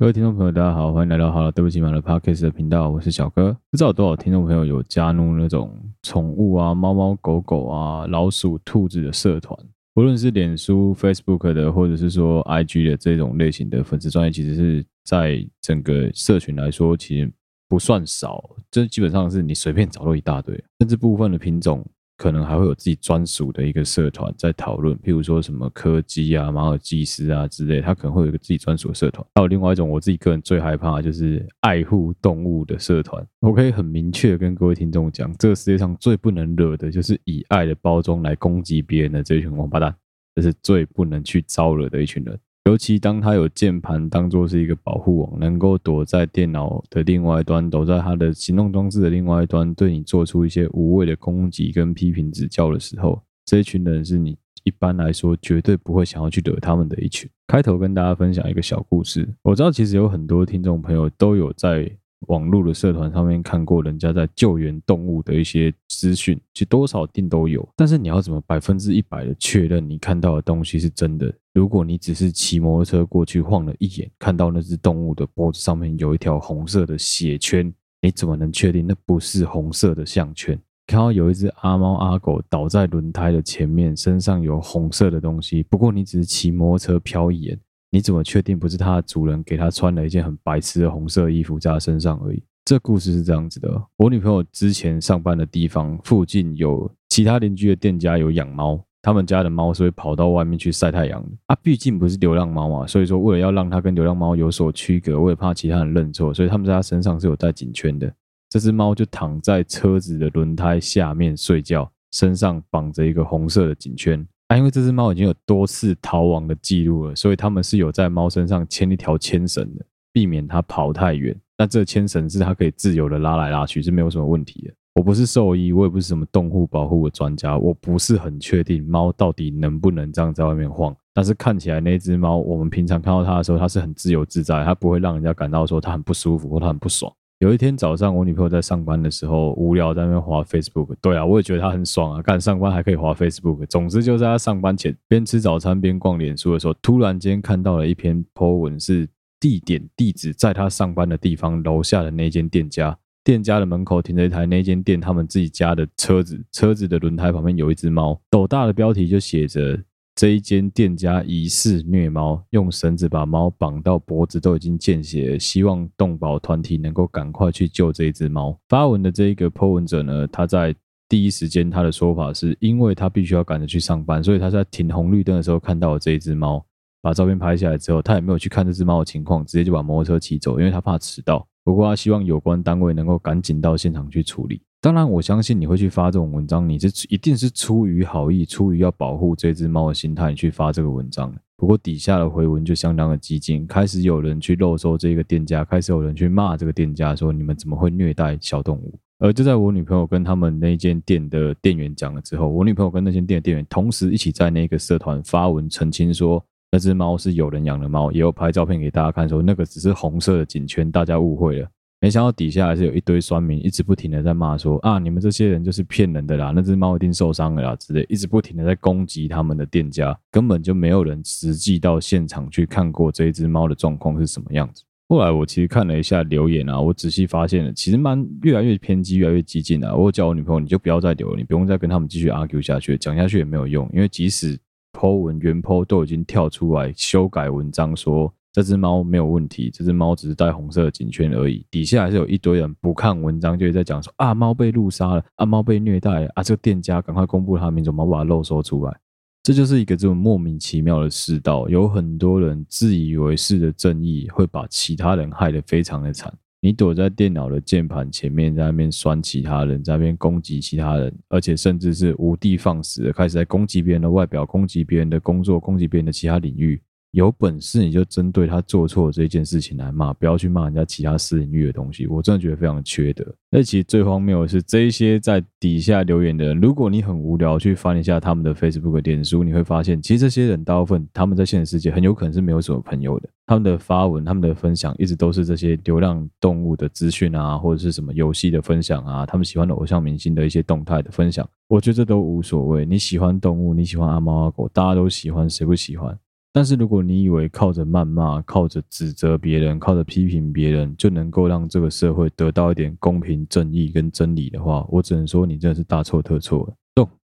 各位聽眾朋友，大家好，歡迎來到《好了，對不起，買了》Podcast 的頻道，我是小哥。不知道有多少聽眾朋友有加入那種寵物啊、貓貓狗狗啊、老鼠、兔子的社團？不論是臉書、Facebook 的，或者是說 IG 的這種類型的粉絲專頁，其實是在整個社群來說，其實不算少。這基本上是你隨便找到一大堆，甚至部分的品種。可能還會有自己專屬的一個社團在討論，譬如說什麼柯基啊、馬爾濟斯啊之類，他可能會有一個自己專屬的社團。還有另外一種，我自己個人最害怕的就是愛護動物的社團。我可以很明確的跟各位聽眾講，這個世界上最不能惹的就是以愛的包裝來攻擊別人的這群王八蛋，這是最不能去招惹的一群人。尤其當他有鍵盤當做是一個保護網，能夠躲在電腦的另外一端，躲在他的行動裝置的另外一端，對你做出一些無謂的攻擊跟批評指教的時候，這一群人是你一般來說絕對不會想要去惹他們的一群。開頭跟大家分享一個小故事，我知道其實有很多聽眾朋友都有在。網絡的社團上面看過人家在救援動物的一些資訊，其實多少定都有。但是你要怎麼百分之一百的確認你看到的東西是真的？如果你只是騎摩托車過去晃了一眼，看到那只動物的脖子上面有一條紅色的血圈，你怎麼能確定那不是紅色的項圈？看到有一只阿貓阿狗倒在輪胎的前面，身上有紅色的東西，不過你只是騎摩托車瞟一眼。你怎麼確定不是他的主人給他穿了一件很白痴的紅色的衣服在他身上而已？這故事是這樣子的：我女朋友之前上班的地方附近有其他鄰居的店家有養貓，他們家的貓是會跑到外面去曬太陽的啊，畢竟不是流浪貓嘛。所以說，為了要讓它跟流浪貓有所區隔，為了怕其他人認錯，所以他們在他身上是有戴頸圈的。這只貓就躺在車子的輪胎下面睡覺，身上綁着一個紅色的頸圈。那、啊、因為這隻貓已經有多次逃亡的記錄了，所以他們是有在貓身上牽一條牽繩的，避免它跑太遠。那這牽繩是它可以自由地拉來拉去，是沒有什麼問題的。我不是獸醫，我也不是什麼動物保護的專家，我不是很確定貓到底能不能這樣在外面晃。但是看起來那隻貓，我們平常看到它的時候，它是很自由自在，它不會讓人家感到說它很不舒服或它很不爽。有一天早上，我女朋友在上班的時候無聊，在那邊滑 Facebook。對啊，我也覺得她很爽啊，幹上班還可以滑 Facebook。總之，就在她上班前邊吃早餐邊逛臉書的時候，突然間看到了一篇 po 文，是地點地址在她上班的地方樓下的那間店家，店家的門口停着一台那間店他們自己家的車子，車子的輪胎旁邊有一只貓，斗大的標題就寫着。這一間店家疑似虐貓，用繩子把貓綁到脖子都已經見血了，希望動保團體能夠趕快去救這只貓。發文的這一個 po 文者呢，他在第一時間他的說法是，因為他必須要趕着去上班，所以他是在停紅綠燈的時候看到了這只貓，把照片拍下來之後，他也沒有去看這只貓的情況，直接就把摩托車騎走，因為他怕遲到。不過他希望有關單位能夠趕緊到現場去處理。當然，我相信你會去發這種文章，你這一定是出於好意，出於要保護這隻貓的心態去發這個文章。不過底下的回文就相當的激進，開始有人去肉搜這個店家，開始有人去罵這個店家，說你們怎麼會虐待小動物？而就在我女朋友跟他們那間店的店員講了之後，我女朋友跟那間店的店員同時一起在那個社團發文澄清，說那隻貓是有人養的貓，也有拍照片給大家看說，說那個只是紅色的頸圈，大家誤會了。沒想到底下還是有一堆酸民一直不停的在罵說啊，你們這些人就是騙人的啦，那只貓一定受傷了啦之類，一直不停的在攻擊他們的店家，根本就沒有人實際到現場去看過這一只貓的狀況是什麼樣子。後來我其實看了一下留言啊，我仔細發現了，其實蠻越來越偏激，越來越激進了、啊。我有叫我女朋友你就不要再留，你不用再跟他們繼續 argue 下去，講下去也沒有用，因為即使 po 文原 po 都已經跳出來修改文章說。這隻貓沒有問題，這隻貓只是戴紅色的頸圈而已。底下還是有一堆人不看文章，就在講說啊，貓被路殺了，啊，貓被虐待了，啊，這個店家趕快公布他的名字，幫我把肉搜出來。這就是一個這種莫名其妙的世道，有很多人自以為是的正義，會把其他人害得非常的慘。你躲在電腦的鍵盤前面，在那邊酸其他人，在那邊攻擊其他人，而且甚至是無的放矢，開始在攻擊別人的外表，攻擊別人的工作，攻擊別人的其他領域。有本事你就針對他做錯的這件事情來罵，不要去罵人家其他私領域的東西。我真的覺得非常缺德。但其實最荒謬的是，這一些在底下留言的人，如果你很無聊去翻一下他們的 Facebook、臉書，你會發現，其實這些人大部分他們在現實世界很有可能是沒有什麼朋友的。他們的發文、他們的分享，一直都是這些流浪動物的資訊啊，或者是什麼遊戲的分享啊，他們喜歡的偶像明星的一些動態的分享。我覺得這都無所謂，你喜歡動物，你喜歡阿貓阿狗，大家都喜歡，誰不喜歡？但是如果你以為靠着謾罵、靠着指責別人、靠着批評別人，就能夠讓這個社會得到一點公平正義跟真理的話，我只能說你真的是大錯特錯了。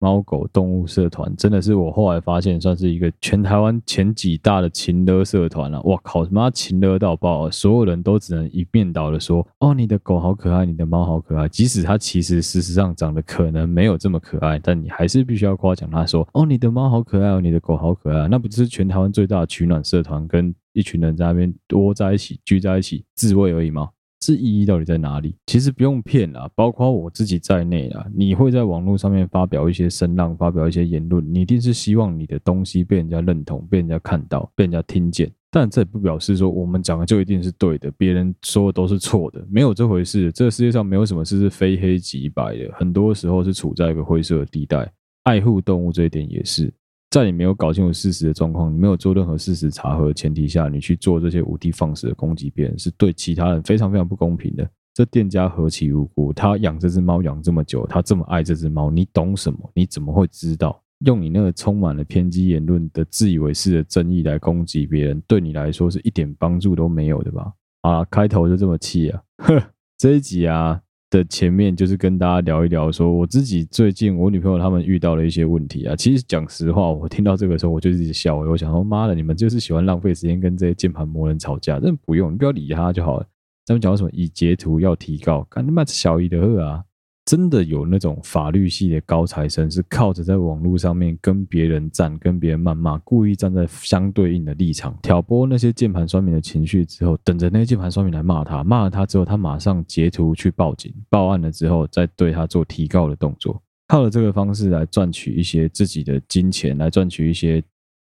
貓狗動物社團真的是我後來發現，算是一個全台灣前幾大的情勒社團了，啊。哇靠什麼，他媽情勒到爆，啊，所有人都只能一面倒的說：哦，你的狗好可愛，你的貓好可愛。即使它其實事實上長得可能沒有這麼可愛，但你還是必須要誇獎它說：哦，你的貓好可愛，哦，你的狗好可愛，啊。那不就是全台灣最大的取暖社團，跟一群人在那邊窩在一起，聚在一起自慰而已嗎？這意義到底在哪裡？其實不用騙啊，包括我自己在內啊，你會在網絡上面發表一些聲浪，發表一些言論，你一定是希望你的東西被人家認同，被人家看到，被人家聽見。但這也不表示說我們講的就一定是對的，別人說的都是錯的，沒有這回事。這個世界上沒有什麼事是非黑即白的，很多時候是處在一個灰色的地帶。愛護動物這一點也是。在你沒有搞清楚事實的狀況，你沒有做任何事實查核的前提下，你去做這些無的放矢的攻擊別人，是對其他人非常非常不公平的。這店家何其無辜，他養這隻貓養這麼久，他這麼愛這隻貓，你懂什麼？你怎麼會知道？用你那個充滿了偏激言論的自以為是的爭議來攻擊別人，對你來說是一點幫助都沒有的吧？啊，開頭就這麼氣啊！呵，這一集啊。的前面就是跟大家聊一聊，說我自己最近我女朋友他們遇到了一些問題啊。其實講實話，我聽到這個時候我就一直笑，欸，我想說媽的，你們就是喜歡浪費時間跟這些鍵盤魔人吵架，真的不用，你不要理他就好了。他們講什麼以截圖要提告，看他媽小一的貨啊！真的有那種法律系的高材生，是靠着在網絡上面跟別人戰、跟別人謾罵，故意站在相對應的立場挑撥那些鍵盤酸民的情緒之後，等着那些鍵盤酸民來罵他，罵了他之後，他馬上截圖去報警報案了之後，再對他做提告的動作，靠著這個方式來賺取一些自己的金錢，來賺取一些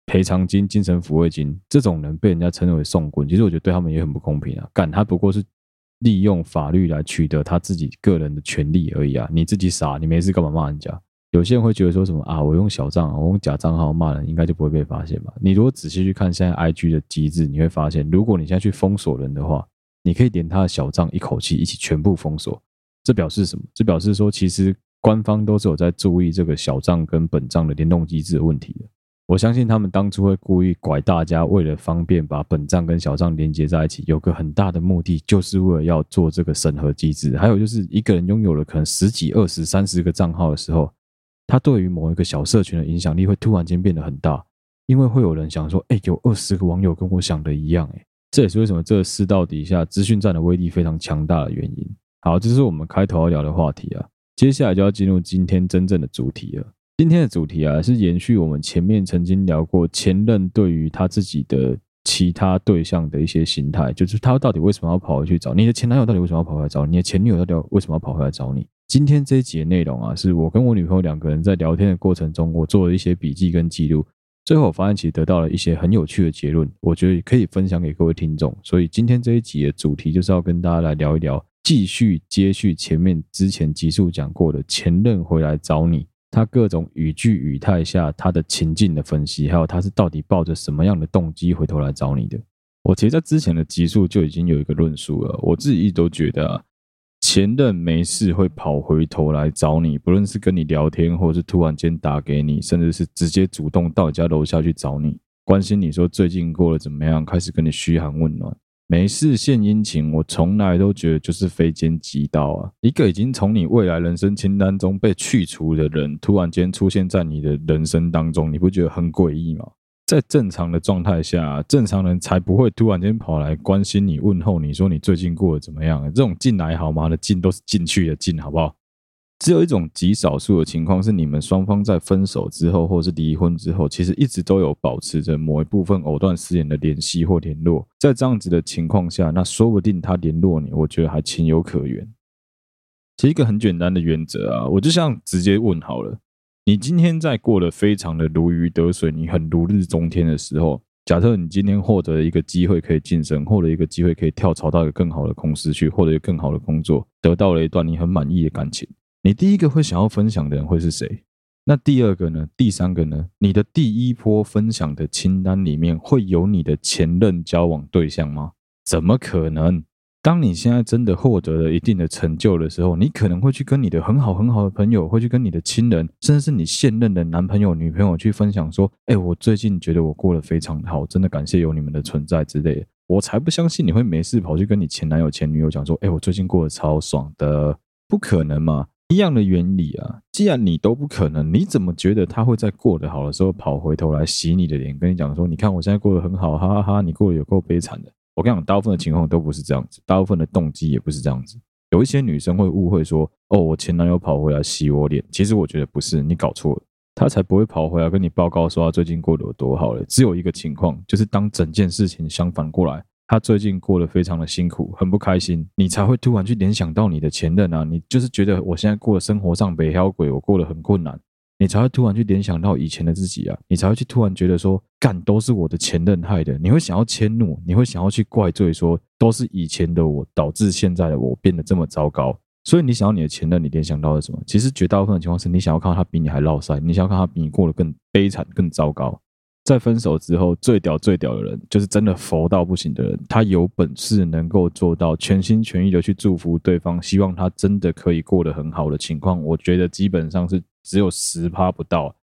賠償金、精神撫慰金。這種人被人家稱為“訟棍”，其實我覺得對他們也很不公平啊，趕他不過是。利用法律來取得他自己個人的權利而已啊！你自己傻，你沒事幹嘛罵人家？有些人會覺得說什麼啊，我用小賬，我用假賬號罵人，應該就不會被發現吧？你如果仔細去看現在 IG 的機制，你會發現，如果你現在去封鎖人的話，你可以連他的小賬一口氣一起全部封鎖。這表示什麼？這表示說，其實官方都是有在注意這個小賬跟本賬的聯動機制的問題的。我相信他們當初會故意拐大家，為了方便把本賬跟小賬連接在一起，有個很大的目的，就是為了要做這個審核機制。還有就是，一個人擁有了可能十幾、二十、三十個賬號的時候，他對於某一個小社群的影響力會突然間變得很大，因為會有人想說：“哎，有二十個網友跟我想的一樣。”哎，這也是為什麼這個世道底下資訊戰的威力非常強大的原因。好，這是我們開頭要聊的話題啊，接下來就要進入今天真正的主題了。今天的主題啊，是延續我們前面曾經聊過前任對於他自己的其他對象的一些心態，就是他到底為什麼要跑回去找你，你的前男友？到底為什麼要跑回來找你，你的前女友？到底要為什麼要跑回來找你？今天這一集的內容啊，是我跟我女朋友兩個人在聊天的過程中，我做了一些筆記跟記錄，最後我發現其實得到了一些很有趣的結論，我覺得可以分享給各位聽眾。所以今天這一集的主題就是要跟大家來聊一聊，繼續接續前面之前集數講過的前任回來找你，他各種語句語態下，他的情境的分析，還有他是到底抱着什麼樣的動機回頭來找你的？我其實在之前的集數就已經有一個論述了。我自己一直都覺得，啊，前任沒事會跑回頭來找你，不論是跟你聊天，或者是突然間打給你，甚至是直接主動到你家樓下去找你，關心你說最近過得怎麼樣，開始跟你噓寒問暖。沒事獻殷勤，我從來都覺得就是非奸即盜啊！一個已經從你未來人生清單中被去除的人，突然間出現在你的人生當中，你不覺得很詭異嗎？在正常的狀態下，正常人才不會突然間跑來關心你、問候你，說你最近過得怎麼樣。這種進來好嗎？的進都是進去的進，好不好？只有一種極少數的情況是，你們雙方在分手之後，或是離婚之後，其實一直都有保持着某一部分藕斷絲連的聯繫或聯絡。在這樣子的情況下，那說不定他聯絡你，我覺得還情有可原。其實是一個很簡單的原則啊！我就像直接問好了，你今天在過得非常的如魚得水，你很如日中天的時候，假設你今天獲得了一個機會可以晉升，獲得一個機會可以跳槽到一個更好的公司去，獲得一個更好的工作，得到了一段你很滿意的感情。你第一個會想要分享的人會是誰？那第二個呢？第三個呢？你的第一波分享的清單裡面會有你的前任交往對象嗎？怎麼可能？當你現在真的獲得了一定的成就的時候，你可能會去跟你的很好很好的朋友，會去跟你的親人，甚至是你現任的男朋友、女朋友去分享說：“欸，我最近覺得我過得非常好，真的感謝有你們的存在之類的。”我才不相信你會沒事跑去跟你前男友、前女友講說：“欸，我最近過得超爽的。”不可能嘛？一樣的原理啊，既然你都不可能，你怎麼覺得他會在過得好的時候跑回頭來洗你的臉，跟你講說，你看我現在過得很好，哈哈哈，你過得有夠悲慘的。我跟你講，大部分的情況都不是這樣子，大部分的動機也不是這樣子。有一些女生會誤會說，哦，我前男友跑回來洗我臉，其實我覺得不是，你搞錯了，他才不會跑回來跟你報告說他最近過得有多好了，只有一個情況，就是當整件事情相反過來。他最近過得非常的辛苦，很不開心，你才會突然去聯想到你的前任啊，你就是覺得我現在過的生活上被漂鬼，我過得很困難，你才會突然去聯想到以前的自己啊，你才會去突然覺得說，幹都是我的前任害的，你會想要遷怒，你會想要去怪罪，說都是以前的我導致現在的我變得這麼糟糕，所以你想要你的前任，你聯想到的是什麼？其實絕大部分的情況是你想要看到他比你還落塞，你想要看他比你過得更悲慘、更糟糕。在分手之後，最屌最屌的人，就是真的佛到不行的人。他有本事能夠做到全心全意的去祝福對方，希望他真的可以過得很好的情況，我覺得基本上是只有十趴不到。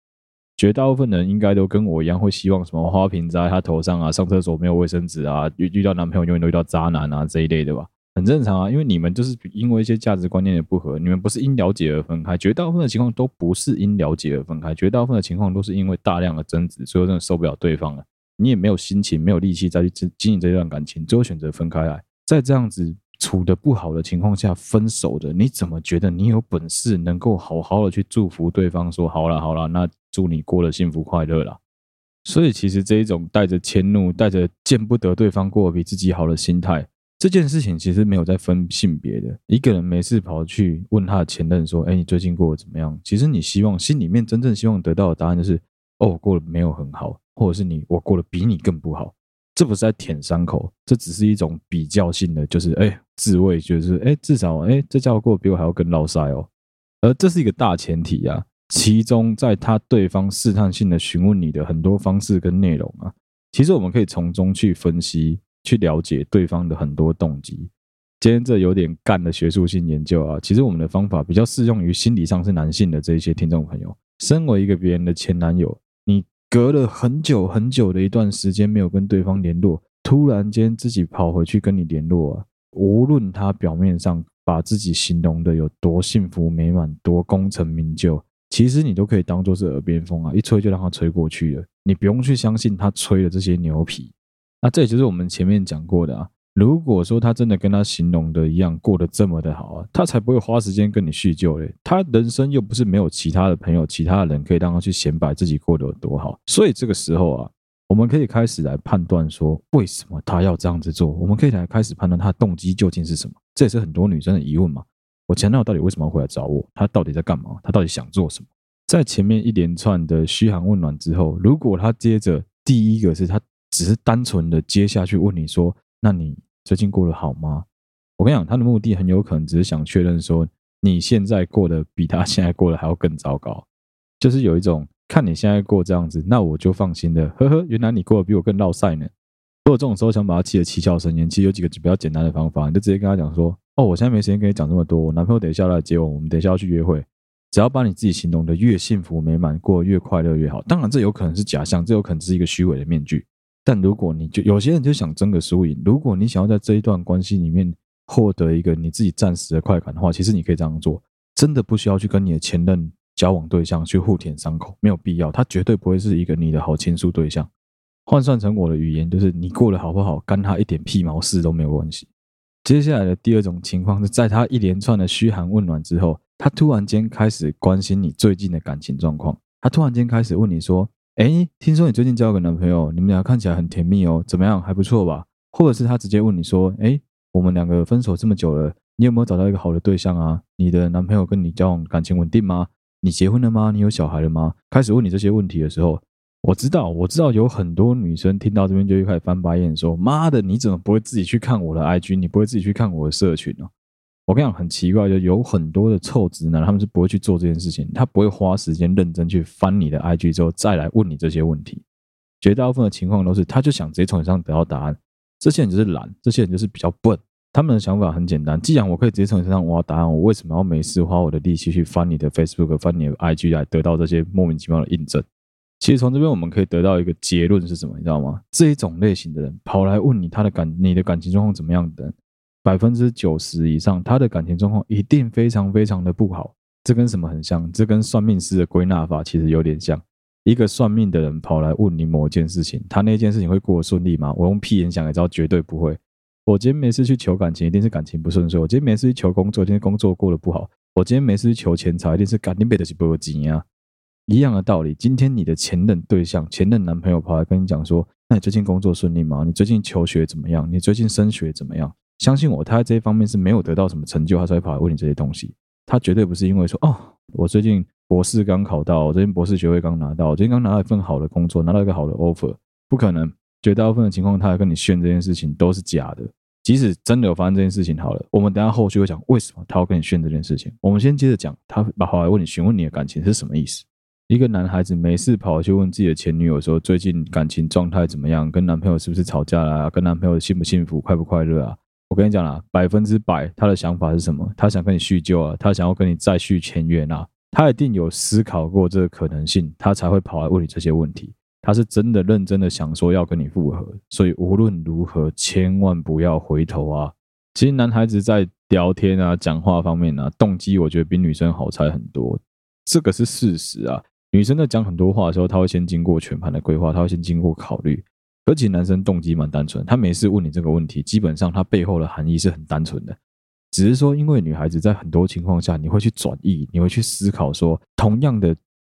絕大部分人應該都跟我一樣，會希望什麼花瓶砸在她頭上啊，上廁所沒有衛生紙啊，遇遇到男朋友永遠都遇到渣男啊，這一類的吧。很正常啊，因為你們就是因為一些價值觀念的不合，你們不是因了解而分開，絕大部分的情況都不是因了解而分開，絕大部分的情況都是因為大量的爭執，最後真的受不了對方了，你也沒有心情、沒有力氣再去經營這段感情，最後選擇分開來，在這樣子處的不好的情況下分手的，你怎麼覺得你有本事能夠好好的去祝福對方說，好啦好啦，那祝你過得幸福快樂啦。所以其實這一種帶着遷怒、帶着見不得對方過得比自己好的心態。這件事情其實沒有在分性別的，一個人沒事跑去問他的前任說：“誒，你最近過得怎麼樣？”其實你希望心裡面真正希望得到的答案就是：“哦，我過得沒有很好，或者是你我過得比你更不好。”這不是在舔傷口，這只是一種比較性的，就是哎，自慰，就是哎，至少哎，這家伙過得比我還要更撈塞哦。而這是一個大前提啊，其中在他對方試探性的詢問你的很多方式跟內容啊，其實我們可以從中去分析。去了解對方的很多動機。今天這有點乾的學術性研究啊，其實我們的方法比較適用於心理上是男性的這些聽眾朋友。身為一個別人的前男友，你隔了很久很久的一段時間沒有跟對方聯絡，突然間自己跑回去跟你聯絡啊，無論他表面上把自己形容得有多幸福美滿、多功成名就，其實你都可以當做是耳邊風啊，一吹就讓他吹過去了。你不用去相信他吹的這些牛皮。那這也就是我們前面講過的啊。如果說他真的跟他形容的一樣過得這麼的好啊，他才不會花時間跟你敘舊嘞。他人生又不是沒有其他的朋友、其他的人可以讓他去顯擺自己過得有多好。所以這個時候啊，我們可以開始來判斷說，為什麼他要這樣子做？我們可以來開始判斷他動機究竟是什麼。這也是很多女生的疑問嘛。我前男友到底為什麼會回來找我？他到底在幹嘛？他到底想做什麼？在前面一連串的噓寒問暖之後，如果他接着第一個是他。只是單純的接下去問你說：“那你最近過得好嗎？”我跟你講，他的目的很有可能只是想確認說你現在過得比他現在過得還要更糟糕，就是有一種看你現在過這樣子，那我就放心的。呵呵，原來你過得比我更落賽呢。如果這種時候想把他氣得七竅生煙，其實有幾個比較簡單的方法，你就直接跟他講說：“哦，我現在沒時間跟你講這麼多，我男朋友等一下來接我，我們等一下要去約會。”只要把你自己形容的越幸福美滿，過得越快樂越好。當然，這有可能是假象，這有可能是一個虛偽的面具。但如果你就有些人就想爭個輸贏，如果你想要在這一段關係裡面獲得一個你自己暫時的快感的話，其實你可以這樣做，真的不需要去跟你的前任交往對象去互舔傷口，沒有必要，他絕對不會是一個你的好傾訴對象。換算成我的語言就是你過得好不好，干他一點屁毛事都沒有關係。接下來的第二種情況是在他一連串的噓寒問暖之後，他突然間開始關心你最近的感情狀況，他突然間開始問你說，哎，聽說你最近交了個男朋友，你們倆看起來很甜蜜哦，怎麼樣，還不錯吧？或者是他直接問你說，哎，我們兩個分手這麼久了，你有沒有找到一個好的對象啊？你的男朋友跟你交往感情穩定嗎？你結婚了嗎？你有小孩了嗎？開始問你這些問題的時候，我知道，我知道有很多女生聽到這邊就一開始翻白眼說，說媽的，你怎麼不會自己去看我的 IG，你不會自己去看我的社群哦、啊？我跟你講，很奇怪，就有很多的臭直男，他們是不會去做這件事情，他不會花時間認真去翻你的 IG 之後再來問你這些問題。絕大部分的情況都是，他就想直接從你身上得到答案。這些人就是懶，這些人就是比較笨。他們的想法很簡單，既然我可以直接從你身上挖答案，我為什麼要每次花我的力氣去翻你的 Facebook、翻你的 IG 來得到這些莫名其妙的印證？其實從這邊我們可以得到一個結論是什麼？你知道嗎？這一種類型的人跑來問你他的感、你的感情狀況怎麼樣的？百分之九十以上，他的感情狀況一定非常非常的不好。這跟什麼很像？這跟算命師的歸納法其實有點像。一個算命的人跑來問你某一件事情，他那件事情會過得順利嗎？我用屁眼想也知道，絕對不會。我今天沒事去求感情，一定是感情不順遂。我今天沒事去求工作，今天工作過得不好。我今天沒事去求錢財，一定是肯定被得幾倍金啊。一樣的道理，今天你的前任對象、前任男朋友跑來跟你講說：“那你最近工作順利嗎？你最近求學怎麼樣？你最近升學怎麼樣？”相信我，他在這一方面是沒有得到什麼成就，他才會跑來問你這些東西。他絕對不是因為說哦，我最近博士剛考到，我最近博士學位剛拿到，我最近剛拿到一份好的工作，拿到一個好的 offer，不可能。絕大部分的情況，他來跟你炫這件事情都是假的。即使真的有發生這件事情，好了，我們等下後續會講為什麼他要跟你炫這件事情。我們先接着講，他跑來問你詢問你的感情是什麼意思？一個男孩子沒事跑去問自己的前女友說，最近感情狀態怎麼樣？跟男朋友是不是吵架了啊？跟男朋友幸不幸福？快不快樂啊？我跟你講啦、啊，百分之百他的想法是什麼？他想跟你敘舊啊，他想要跟你再續前緣啊，他一定有思考過這個可能性，他才會跑來問你這些問題。他是真的認真的想說要跟你復合，所以無論如何千萬不要回頭啊！其實男孩子在聊天啊、講話方面啊，動機我覺得比女生好猜很多，這個是事實啊。女生在講很多話的時候，他會先經過全盤的規劃，他會先經過考慮。而且男生動機蠻單純，他沒事問你這個問題，基本上他背後的含義是很單純的，只是說因為女孩子在很多情況下你會去轉移，你會去思考說同樣的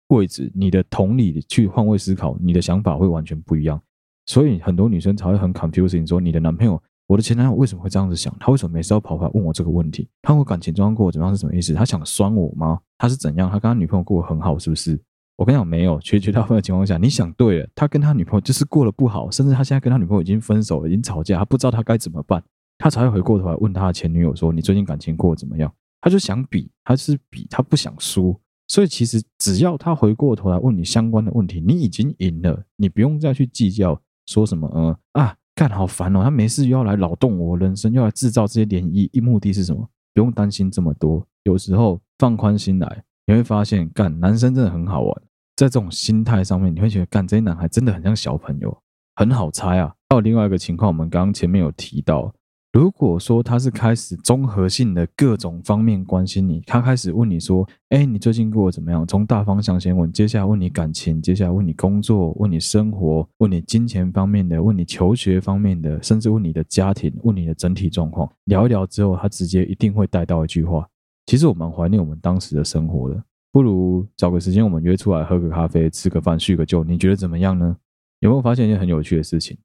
位置，你的同理去換位思考，你的想法會完全不一樣。所以很多女生才會很 confusing，說你的男朋友，我的前男友為什麼會這樣子想？他為什麼每次要跑來問我這個問題？他問我感情狀況過怎麼樣是什麼意思？他想酸我嗎？他是怎樣？他跟他女朋友過得很好是不是？我跟你講，沒有絕絕大部分的情況下，你想對了，他跟他女朋友就是過得不好，甚至他現在跟他女朋友已經分手了，已經吵架，他不知道他該怎麼辦，他才會回過頭來問他的前女友說：“你最近感情過得怎麼樣？”他就想比，他就是比，他不想輸，所以其實只要他回過頭來問你相關的問題，你已經贏了，你不用再去計較說什麼、嗯、啊，幹好煩哦，他沒事又要來擾動我人生，又要制造這些漣漪，一目的是什麼？不用擔心這麼多，有時候放寬心來，你會發現幹男生真的很好玩。在這種心態上面，你會覺得幹這些男孩真的很像小朋友，很好猜啊。還有另外一個情況，我們剛剛前面有提到，如果說他是開始綜合性的各種方面關心你，他開始問你說：“哎、欸，你最近過得怎麼樣？”從大方向先問，接下來問你感情，接下來問你工作，問你生活，問你金錢方面的，問你求學方面的，甚至問你的家庭，問你的整體狀況。聊一聊之後，他直接一定會帶到一句話：“其實我蠻懷念我們當時的生活的。”不如找個時間，我們約出來喝個咖啡，吃個飯，敘個舊，你覺得怎麼樣呢？有沒有發現一件很有趣的事情？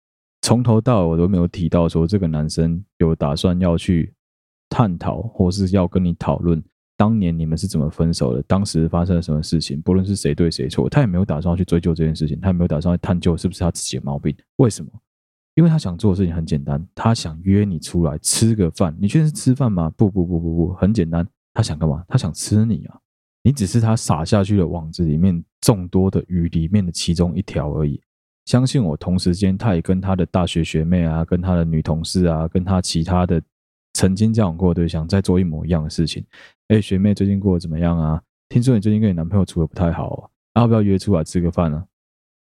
從頭到尾我都沒有提到說這個男生有打算要去探討，或是要跟你討論當年你們是怎麼分手的，當時發生了什麼事情，不論是誰對誰錯，他也沒有打算要去追究這件事情，他也沒有打算去探究是不是他自己的毛病，為什麼？因為他想做的事情很簡單，他想約你出來吃個飯，你確定是吃飯嗎？不不不不不不，很簡單，他想幹嘛？他想吃你啊！你只是他撒下去的網子裡面眾多的魚裡面的其中一條而已。相信我，同時間他也跟他的大學學妹啊，跟他的女同事啊，跟他其他的曾經交往過的對象在做一模一樣的事情、欸。誒學妹最近過得怎麼樣啊？聽說你最近跟你男朋友處得不太好啊，啊？要不要約出來吃個飯呢？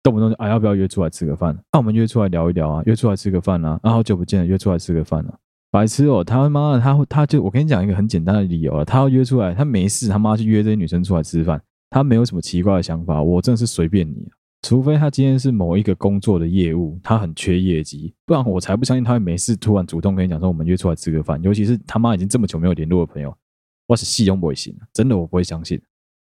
動不動就哎、啊、要不要約出來吃個飯？那我們約出來聊一聊啊？約出來吃個飯啊，啊？好久不見了，約出來吃個飯啊，啊？白痴哦，他媽的，他會他就我跟你講一個很簡單的理由啊。他要約出來，他沒事他媽去約這些女生出來吃飯，他沒有什麼奇怪的想法，我真的是隨便你啊，除非他今天是某一個工作的業務，他很缺業績，不然我才不相信他會沒事突然主動跟你講說我們約出來吃個飯，尤其是他媽已經這麼久沒有聯絡的朋友，我是信都不會信，真的我不會相信，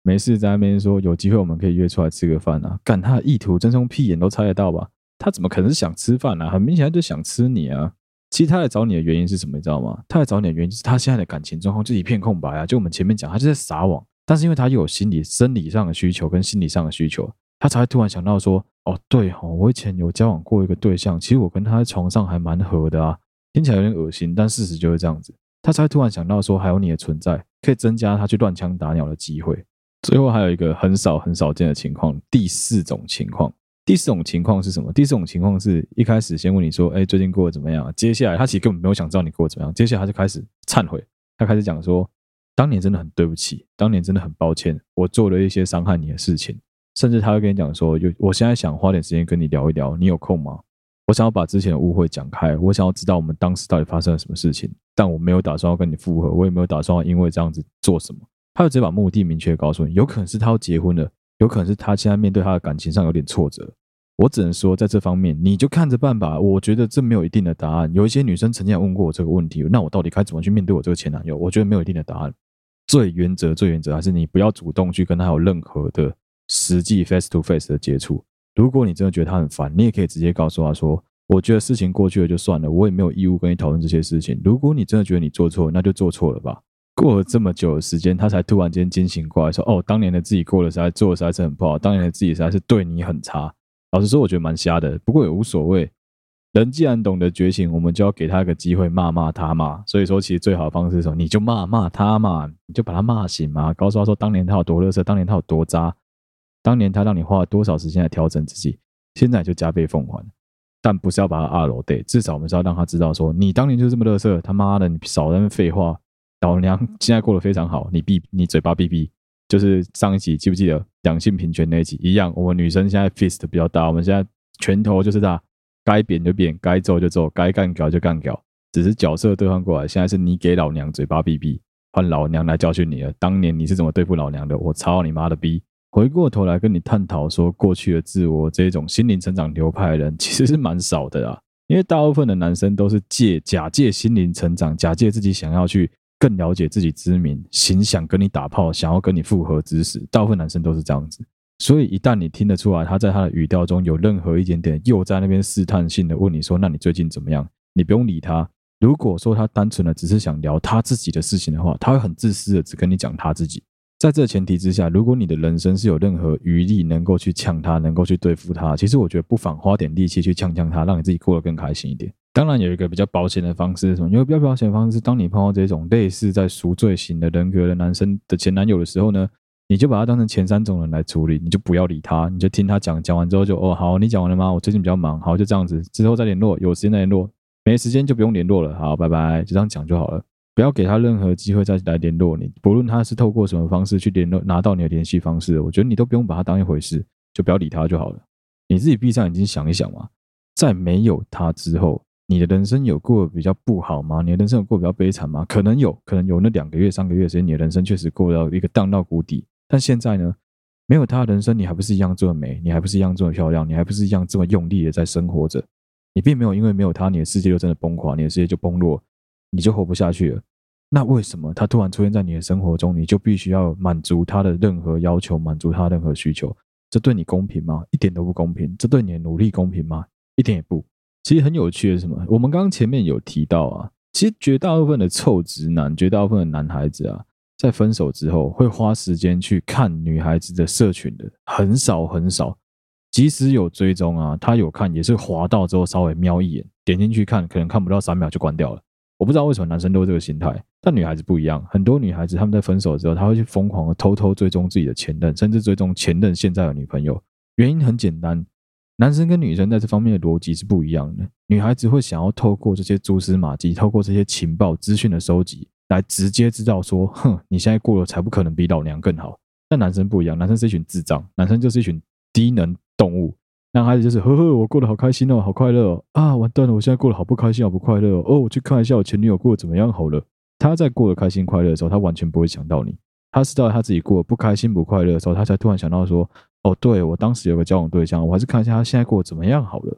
沒事在那邊說有機會我們可以約出來吃個飯啊，幹他的意圖真從屁眼都猜得到吧，他怎麼可能是想吃飯呢、啊？很明顯就想吃你啊。其實他來找你的原因是什麼？你知道嗎？他來找你的原因就是他現在的感情狀況就一片空白啊！就我們前面講，他就在撒網，但是因為他又有心理、生理上的需求跟心理上的需求，他才會突然想到說：“哦，對哦，我以前有交往過一個對象，其實我跟他在床上還蠻合的啊，聽起來有點噁心，但事實就是這樣子。”他才會突然想到說，還有你的存在可以增加他去亂槍打鳥的機會。最後還有一個很少很少見的情況，第四種情況。第四種情況是什麼？第四種情況是一開始先問你說：“哎，最近過得怎麼樣？”接下來他其實根本沒有想知道你過得怎麼樣，接下來他就開始懺悔，他開始講說：“當年真的很對不起，當年真的很抱歉，我做了一些傷害你的事情。”甚至他會跟你講說：“就我現在想花點時間跟你聊一聊，你有空嗎？我想要把之前的誤會講開，我想要知道我們當時到底發生了什麼事情。”但我沒有打算要跟你復合，我也沒有打算要因為這樣子做什麼。他就直接把目的明確告訴你，有可能是他要結婚了。有可能是他現在面對他的感情上有點挫折，我只能說在這方面你就看着辦吧。我覺得這沒有一定的答案。有一些女生曾經問過我這個問題，那我到底該怎麼去面對我這個前男友？我覺得沒有一定的答案。最原則最原則還是你不要主動去跟他有任何的實際 face to face 的接觸。如果你真的覺得他很煩，你也可以直接告訴他說：“我覺得事情過去了就算了，我也沒有義務跟你討論這些事情。”如果你真的覺得你做錯，那就做錯了吧。過了這麼久的時間，他才突然間驚醒過來，說：“哦，當年的自己過得實在，做的實在是很不好，當年的自己實在是對你很差。”老實說，我覺得蠻瞎的，不過也無所謂。人既然懂得覺醒，我們就要給他一個機會，罵罵他嘛。所以說，其實最好的方式是說，你就罵罵他嘛，你就把他罵醒嘛，告訴他說，當年他有多樂色，當年他有多渣，當年他讓你花了多少時間來調整自己，現在就加倍奉還。但不是要把他二樓逮，至少我們是要讓他知道說，說你當年就這麼樂色，他媽的，你少在那廢話。老娘現在過得非常好，你閉你嘴巴閉閉，就是上一集記不記得兩性平權那一集一樣，我們女生現在 fist 比較大，我們現在拳頭就是大，該扁就扁，該揍就揍，該幹屌就幹屌，只是角色對換過來，現在是你給老娘嘴巴閉閉，換老娘來教訓你了。當年你是怎麼對付老娘的？我操你媽的逼！回過頭來跟你探討說過去的自我，這種心靈成長流派的人其實是蠻少的啊，因為大部分的男生都是借假借心靈成長，假借自己想要去。更了解自己之名，行想跟你打炮，想要跟你復合之實，大部分男生都是這樣子。所以一旦你聽得出來，他在他的語調中有任何一點點又在那邊試探性的問你說：“那你最近怎麼樣？”你不用理他。如果說他單純的只是想聊他自己的事情的話，他會很自私的只跟你講他自己。在這前提之下，如果你的人生是有任何餘力，能夠去嗆他，能夠去對付他，其實我覺得不妨花點力氣去嗆嗆他，讓你自己過得更開心一點。當然，有一個比較保險的方式是什麼？因為比較保險的方式，當你碰到這種類似在贖罪型的人格的男生的前男友的時候呢，你就把他當成前三種人來處理，你就不要理他，你就聽他講，講完之後就哦好，你講完了嗎？我最近比較忙，好就這樣子，之後再聯絡，有時間再聯絡，沒時間就不用聯絡了。好，拜拜，就這樣講就好了。不要給他任何機會再來聯絡你，不論他是透過什麼方式去聯絡拿到你的聯繫方式，我覺得你都不用把他當一回事，就不要理他就好了。你自己閉上眼睛想一想嘛，在沒有他之後，你的人生有過比較不好嗎？你的人生有過比較悲慘嗎？可能有，可能有那兩個月、三個月的時間，你的人生確實過到一個盪到谷底。但現在呢，沒有他的人生，你還不是一樣這麼美，你還不是一樣這麼漂亮，你還不是一樣這麼用力的在生活着。你並沒有因為沒有他，你的世界就真的崩垮，你的世界就崩落，你就活不下去了。那為什麼他突然出現在你的生活中，你就必須要滿足他的任何要求，滿足他任何需求？這對你公平嗎？一點都不公平。這對你的努力公平嗎？一點也不。其實很有趣的是什麼？我們剛剛前面有提到啊，其實絕大部分的臭直男，絕大部分的男孩子啊，在分手之後會花時間去看女孩子的社群的很少很少。即使有追蹤啊，他有看也是滑到之後稍微瞄一眼，點進去看，可能看不到三秒就關掉了。我不知道為什麼男生都有這個心態，但女孩子不一樣。很多女孩子他們在分手之後，他會去瘋狂的偷偷追蹤自己的前任，甚至追蹤前任現在的女朋友。原因很簡單，男生跟女生在這方面的邏輯是不一樣的。女孩子會想要透過這些蛛絲馬跡，透過這些情報資訊的收集，來直接知道說，哼，你現在過得才不可能比老娘更好。但男生不一樣，男生是一群智障，男生就是一群低能動物。男孩子就是呵呵，我過得好開心哦，好快樂哦。啊！完蛋了，我現在過得好不開心，好不快樂哦。哦，我去看一下我前女友過得怎麼樣好了。他在過得開心快樂的時候，他完全不會想到你。他是到他自己過得不開心不快樂的時候，他才突然想到說：“哦，對，我當時有個交往對象，我還是看一下他現在過得怎麼樣好了。”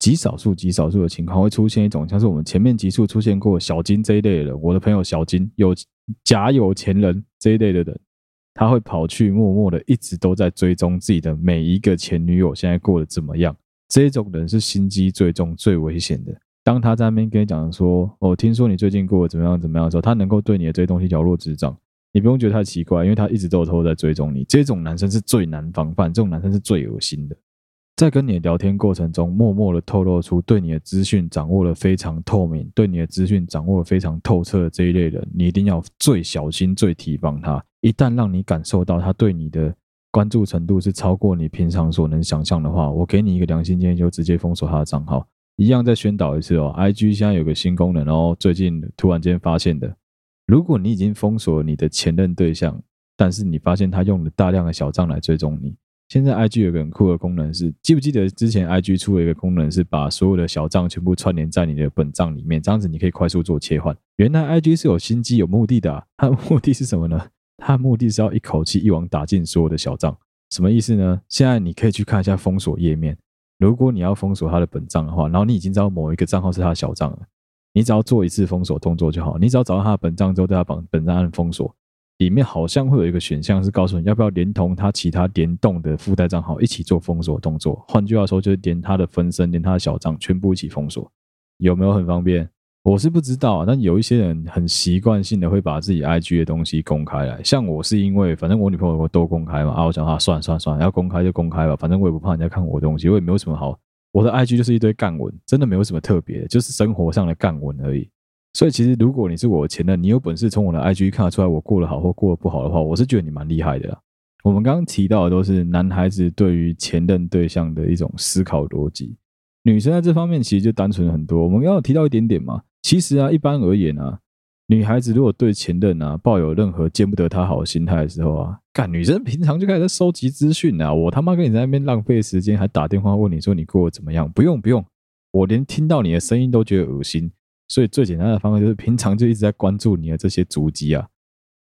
極少數、極少數的情況會出現一種像是我們前面集數出現過小金這一類的人，我的朋友小金，有假有錢人這一類的人。他會跑去默默的，一直都在追蹤自己的每一個前女友現在過得怎麼樣。這種人是心機最重、最危險的。當他在那邊跟你講說：“哦，聽說你最近過得怎麼樣，怎麼樣”的時候，他能夠對你的這些東西了如指掌。你不用覺得太奇怪，因為他一直都偷偷在追蹤你。這種男生是最難防範，這種男生是最惡心的。在跟你的聊天過程中，默默的透露出對你的資訊掌握得非常透明，對你的資訊掌握得非常透徹的這一類人，你一定要最小心、最提防他。一旦讓你感受到他對你的關注程度是超過你平常所能想象的話，我給你一個良心建議，就直接封鎖他的賬號。一樣再宣導一次哦，IG 現在有個新功能哦，最近突然間發現的。如果你已經封鎖你的前任對象，但是你發現他用了大量的小賬來追蹤你，現在 IG 有個很酷的功能是，記不記得之前 IG 出了一個功能是把所有的小賬全部串聯在你的本賬裡面，這樣子你可以快速做切換。原來 IG 是有心機有目的的，啊，它目的是什麼呢？他的目的是要一口氣一網打盡所有的小賬，什麼意思呢？現在你可以去看一下封鎖頁面。如果你要封鎖他的本賬的話，然後你已經知道某一個賬號是他的小賬了，你只要做一次封鎖動作就好。你只要找到他的本賬之後，對他本賬按封鎖，裡面好像會有一個選項是告訴你要不要連同他其他聯動的附帶賬號一起做封鎖動作。換句話說，就是連他的分身、連他的小賬全部一起封鎖，有沒有很方便？我是不知道啊，但有一些人很習慣性的會把自己 IG 的東西公開來像我是因為，反正我女朋友都公開嘛，啊，我想啊，算算算，要公開就公開吧，反正我也不怕人家看我的東西，我也沒有什麼好，我的 IG 就是一堆幹文，真的沒有什麼特別的，就是生活上的幹文而已。所以其實如果你是我的前任，你有本事從我的 IG 看得出來我過得好或過得不好的話，我是覺得你蠻厲害的啦。我們剛剛提到的都是男孩子對於前任對象的一種思考邏輯。女生在這方面其實就單純很多。我們剛剛有提到一點點嘛，其實啊，一般而言啊，女孩子如果對前任啊抱有任何見不得她好心態的時候啊，幹，女生平常就開始收集資訊啊。我他媽跟你在那邊浪費時間，還打電話問你說你過得怎麼樣？不用不用，我連聽到你的聲音都覺得噁心。所以最簡單的方法就是平常就一直在關注你的這些足跡啊。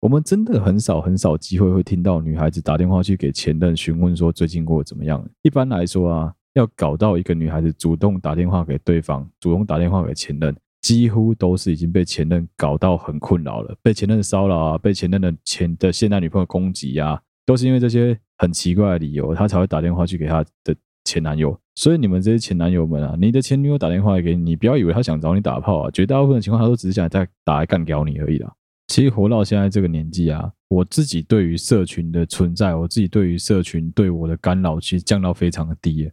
我們真的很少很少機會會聽到女孩子打電話去給前任詢問說最近過得怎麼樣。一般來說啊。要搞到一個女孩子主動打電話給對方，主動打電話給前任，幾乎都是已經被前任搞到很困擾了，被前任騷擾啊，被前任的前的現任女朋友攻擊啊，都是因為這些很奇怪的理由，她才會打電話去給她的前男友。所以你們這些前男友們啊，你的前女友打電話給你，你不要以為她想找你打炮啊，絕大部分的情況，她都只是想在打一幹掉你而已啦。其實活到現在這個年紀啊，我自己對於社群的存在，我自己對於社群對我的干擾，其實降到非常的低。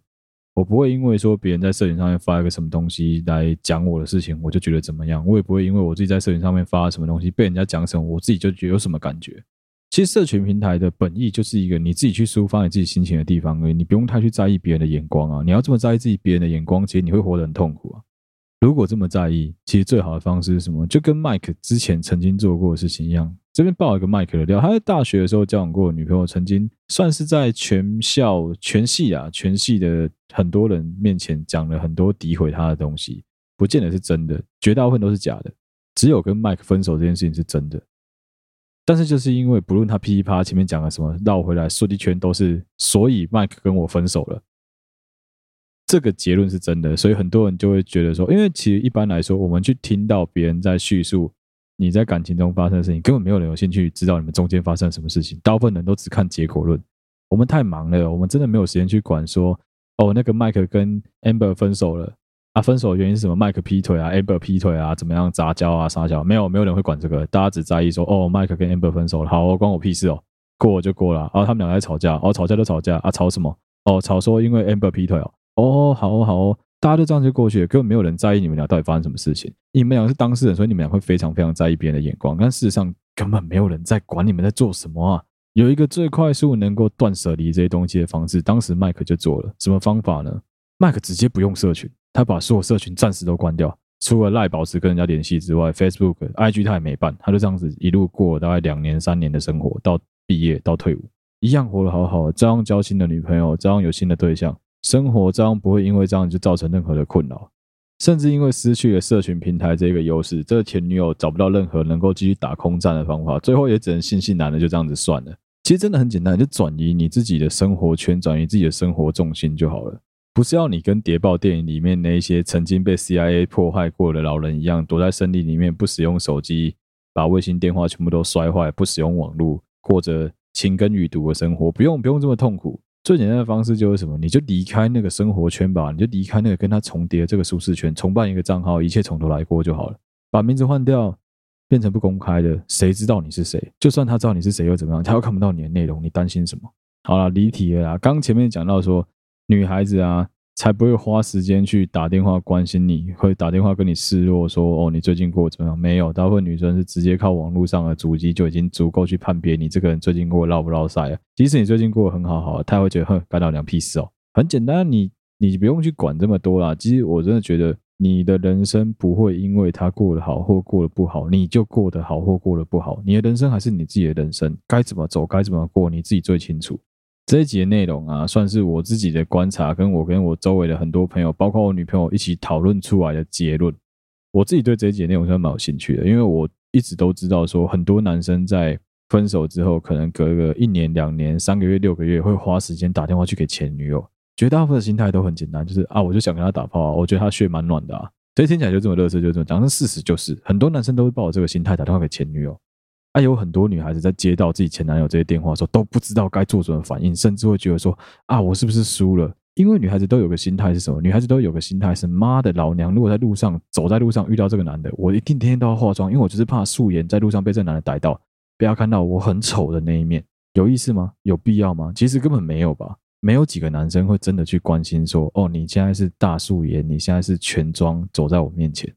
我不會因為說別人在社群上面發一個什麼東西來講我的事情，我就覺得怎麼樣。我也不會因為我自己在社群上面發了什麼東西被人家講什麼，我自己就覺得有什麼感覺。其實社群平台的本意就是一個你自己去抒發你自己心情的地方而已，你不用太去在意別人的眼光啊。你要這麼在意自己別人的眼光，其實你會活得很痛苦啊。如果這麼在意，其實最好的方式是什麼？就跟麥克之前曾經做過的事情一樣，這邊爆一個麥克的料。他在大學的時候交往過女朋友，曾經算是在全校、全系啊、全系的很多人面前講了很多詆毀他的東西，不見得是真的，絕大部分都是假的。只有跟麥克分手這件事情是真的。但是就是因為不論他噼里啪啦前面講了什麼，繞回來說一圈都是，所以麥克跟我分手了。這個結論是真的，所以很多人就會覺得說，因為其實一般來說，我們去聽到別人在敘述你在感情中發生的事情，根本沒有人有興趣知道你們中間發生了什麼事情。大部分人都只看結果論，我們太忙了，我們真的沒有時間去管說，哦，那個麥克跟 Amber 分手了，啊，分手的原因是什麼？麥克劈腿啊，Amber 劈腿啊，怎麼樣雜交啊，啥交，沒有？沒有人會管這個，大家只在意說，哦，麥克跟 Amber 分手了，好，哦，關我屁事哦，過了就過了啊，哦，他們兩個在吵架，哦，吵架就吵架啊，吵什麼？哦，吵說因為 Amber 劈腿哦。Oh, 哦，好哦、好哦，大家都這樣就過去了，根本沒有人在意你們倆到底發生什麼事情。你們倆是當事人，所以你們倆會非常非常在意別人的眼光，但事實上根本沒有人在管你們在做什麼啊。有一個最快速能夠斷舍離這些東西的方式，當時麥克就做了。什麼方法呢？麥克直接不用社群，他把所有社群暫時都關掉，除了賴保持跟人家聯繫之外，Facebook、IG 他也沒辦，他就這樣子一路過了大概兩年三年的生活，到畢業到退伍，一樣活得好好的，照樣交新的女朋友，照樣有新的對象。生活這樣不會因為這樣就造成任何的困擾，甚至因為失去了社群平台這個優勢，這個前女友找不到任何能夠繼續打空戰的方法，最後也只能悻悻然的就這樣子算了。其實真的很簡單，就轉移你自己的生活圈，轉移自己的生活重心就好了。不是要你跟諜報電影裡面那一些曾經被 CIA 破壞過的老人一樣，躲在森林裡面不使用手機，把衛星電話全部都摔壞，不使用網絡，過着晴耕雨讀的生活。不用不用這麼痛苦。最簡單的方式就是什麼？你就離開那個生活圈吧，你就離開那個跟他重疊的這個舒適圈，重辦一個賬號，一切從頭來過就好了。把名字換掉，變成不公開的，誰知道你是誰？就算他知道你是誰又怎麼樣？他又看不到你的內容，你擔心什麼？好啦，離題了啦。剛前面講到說，女孩子啊。才不會花時間去打電話關心你，會打電話跟你示弱說哦，你最近過怎麼樣？沒有，大部分女生是直接靠網絡上的足跡就已經足夠去判別你這個人最近過得鬧不鬧塞了。即使你最近過得很好，好，她也會覺得哼，乾老娘屁事哦。很簡單，你你不用去管這麼多啦。其實我真的覺得，你的人生不會因為他過得好或過得不好，你就過得好或過得不好。你的人生還是你自己的人生，該怎麼走，該怎麼過，你自己最清楚。這一集的內容啊，算是我自己的觀察，跟我跟我周圍的很多朋友，包括我女朋友一起討論出來的結論。我自己對這一集的內容是蠻有興趣的，因為我一直都知道說，很多男生在分手之後，可能隔個一年、兩年、三個月、六個月，會花時間打電話去給前女友。絕大部分的心態都很簡單，就是啊，我就想跟他打炮啊，我覺得他血蠻暖的啊。所以聽起來就這麼樂色，就這麼講，但事實就是，很多男生都會抱著這個心態打電話給前女友。還、啊、有很多女孩子在接到自己前男友這些電話的時候，都不知道該做什麼反應，甚至會覺得說啊，我是不是輸了？因為女孩子都有個心態是什麼？女孩子都有個心態是媽的，老娘如果在路上走在路上遇到這個男的，我一定天天都要化妝，因為我就是怕素顏在路上被這男的逮到，不要看到我很醜的那一面。有意思嗎？有必要嗎？其實根本沒有吧，沒有幾個男生會真的去關心說哦，你現在是大素顏，你現在是全妝走在我面前。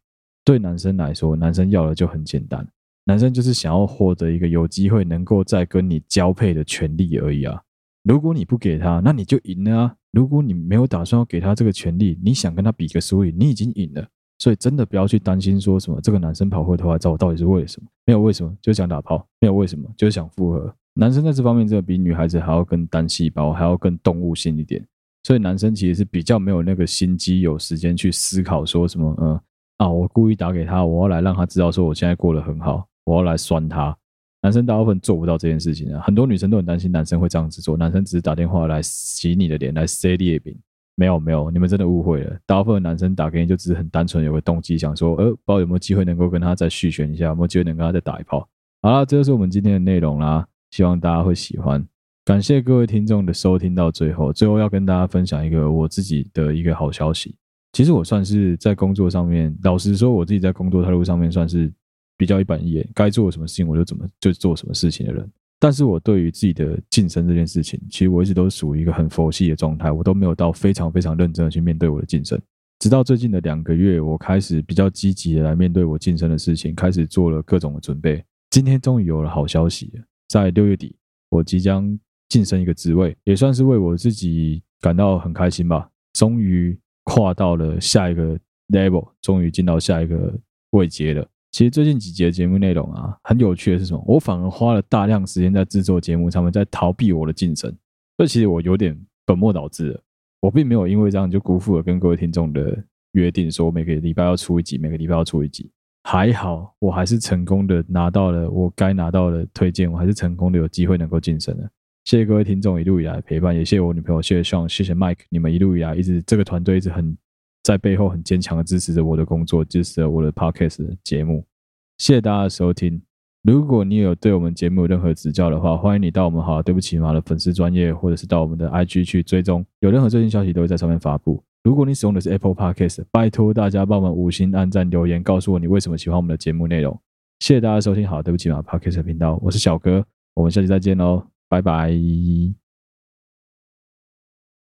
對男生來說，男生要的就很簡單。男生就是想要獲得一個有機會能夠再跟你交配的權利而已啊！如果你不給他，那你就贏了啊！如果你沒有打算要給他這個權利，你想跟他比個輸贏，你已經贏了。所以真的不要去擔心說什麼這個男生跑回頭來找我到底是為什麼？沒有為什麼，就想打炮；沒有為什麼，就想復合。男生在這方面真的比女孩子還要更單細胞，還要更動物性一點。所以男生其實是比較沒有那個心機，有時間去思考說什麼嗯啊，我故意打給他，我要來讓他知道說我現在過得很好。我要來酸他，男生大部分做不到這件事情的。啊，很多女生都很擔心男生會這樣子做。男生只是打電話來洗你的臉，來塞列餅，沒有沒有，你們真的誤會了。大部分男生打給你就只是很單純有個動機，想說，呃，不知道有沒有機會能夠跟他再續緣一下，有沒有機會能跟他再打一炮。好啦，這就是我們今天的內容啦，希望大家會喜歡。感謝各位聽眾的收聽到最後，最後要跟大家分享一個我自己的一個好消息。其實我算是在工作上面，老實說，我自己在工作態度上面算是。比較一板一眼，該做什麼事情我就怎麼就做什麼事情的人。但是我對於自己的晉升這件事情，其實我一直都屬於一個很佛系的狀態，我都沒有到非常非常認真的去面對我的晉升。直到最近的兩個月，我開始比較積極的來面對我晉升的事情，開始做了各種的準備。今天終於有了好消息，在六月底，我即將晉升一個職位，也算是為我自己感到很開心吧，終於跨到了下一個 level，終於進到下一個位階了。其實最近幾集的節目內容啊，很有趣的是什麼？我反而花了大量時間在制作節目，他們在逃避我的晉升。這其實我有點本末倒置了。我並沒有因為這樣就辜負了跟各位聽眾的約定，說我每個禮拜要出一集，每個禮拜要出一集。還好，我還是成功的拿到了我該拿到的推薦，我還是成功的有機會能夠晉升的。謝謝各位聽眾一路以來陪伴，也謝謝我女朋友謝謝霜，謝謝 Mike，你們一路以來一直這個團隊一直很。在背後很堅強的支持着我的工作，支持着我的 podcast 節目。謝謝大家的收聽。如果你有對我們節目有任何指教的話，歡迎你到我們好，對不起嘛的粉絲專頁，或者是到我們的 IG 去追蹤，有任何最新消息都會在上面發布。如果你使用的是 Apple Podcast，拜託大家幫我們五星按讚、留言，告訴我你為什麼喜歡我們的節目內容。謝謝大家收聽好，對不起嘛 podcast 頻道，我是小哥，我們下期再見嘍，拜拜。